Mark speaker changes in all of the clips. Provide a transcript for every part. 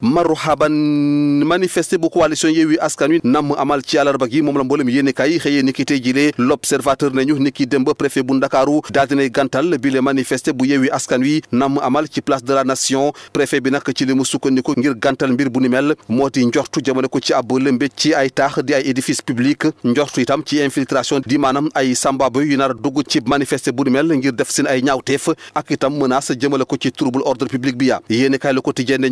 Speaker 1: marhaban manifesté bu coalition Yewwi Askan Wi namm amal ci àllarba gi moom la mboolem yéenekaay yi xëyee ni ki tey jilee l'observateur nañu ni ki démb préfet bu ndakaaru daal dinay gàntal bi le manifesté bu Yewwi Askan Wi namm amal ci place de la nation préfet bi nag ci li mu sukkandiku ngir gantal mbir bu ni mel moo ti njortu jamone ko ci ab lëmbe ci ay taax di ay édifice public njortu itam ci infiltration di maanaam ay sambaabo yu nar dugg ci manifesté bu ni mel ngir def seen ay ñaawteef ak itam menace jëmale ko ci trouble ordre public bi ya yéenekaay Le Quotidien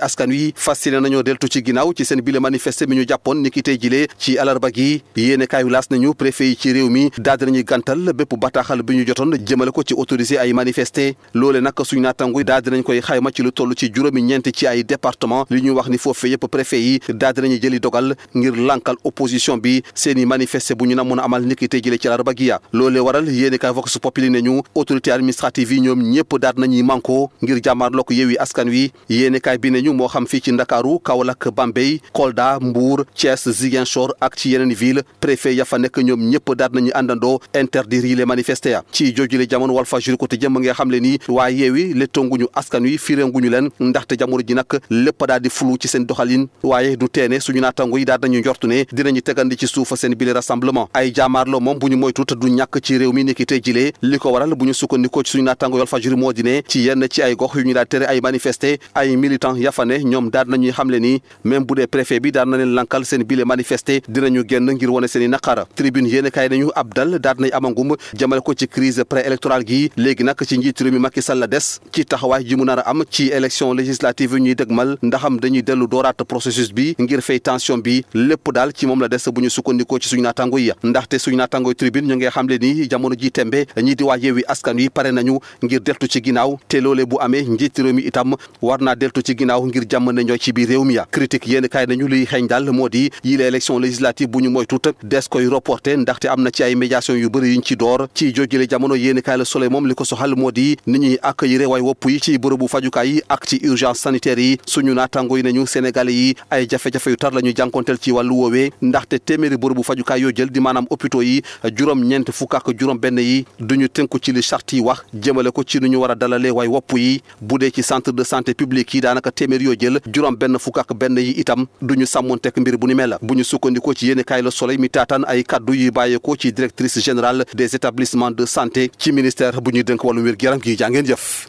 Speaker 1: Askan Wi wi fàttali nañoo deltu ci ginnaaw ci seen bile manifeste mi ñu jàppoon ni ki tey jilee ci alarba gi yéene kaayu laas nañu préfet ci réew mi daal dinañuy gàntal bépp bataaxal bi ñu jotoon jëmale ko ci autorisé ay manifester loole nag suñu naatangu daal koy xayma ci lu toll ci juróomi ñeent ci ay département li wax ni foofee yëpp préfet yi jëli dogal ngir lànkal opposition bi seen i manifeste bu ñu na mun a amal ni ki tey jilee ci alarba gi waral am fii ci Ndakaaru Kaolack Bambey Kolda Mbour Thiès Ziguinchor ak ci yeneen ville préfet ya fa nekk ñoom ñëpp daat nañu àndandoo interdire yi les manifesté ya ci joojule jamono Walfadjri Quotidien ma nga xam le nii waa yeewi léttonguñu askan wi firénguñu leen ndaxte jamono ji nag lépp daal di flou ci seen doxalin waaye du teene suñu naatango yi daat nañu njortu ne dinañu tegandi ci suufa seen bile rassemblement ay jaamaarloo moom bu ñu moytut du ñàkk ci réew mi niki tey jilee li ko waral bu ñu sukkandikoo ci moo di ñu daal tere ay ñoom daal nañuy xamle ni même i naqara tribune yéen kaay a ndaxte suñu naatango tribune ñu ngi xamle ni jamono ji tembe ñi di waa Yewwi Askan Wi ngir deltu ci ginnaaw te bu amee njiitu réew mi deltu ci ginnaaw ngir jàmm mën a ñoo ci biir réew mi ya critique yéen kaay nañu luy xeeñ daal moo di yii la élection législative bu ñu moytu tëg des koy ndaxte am na ci ay médiation yu bëri yuñ ci door ci jojjële jamono yéen kaay la Soleil moom li ko soxal moo di ni ñuy accueillir waay wopp yi ci bërëbu fajukaay yi ak urgence sanitaire yi suñu naatango yi nañu Sénégalais yi ay jafe-jafe yu tar la ñu jànkonteel ci wàllu woowee ndaxte téeméeri bërëbu fajukaay yoo jël di maanaam opito yi juróom ñeent fu ak benn yi duñu tënku ci li charte yi wax jëmale ko ci nu ñu war a dalalee wopp yi bu dee ci centre de santé publique yi daanaka téeméer yoo jël jël juróom benn fukk ak benn yi itam duñu tekk mbir bu ni mela bu ñu sukkandikoo ci yéeni kaay la soleil mi taataan ay kaddu yuy bàyyeekoo ci directrice générale des établissements de santé ci ministère bu ñuy dënk wàllu wér-gu-yaram gi jaa ngeen jëf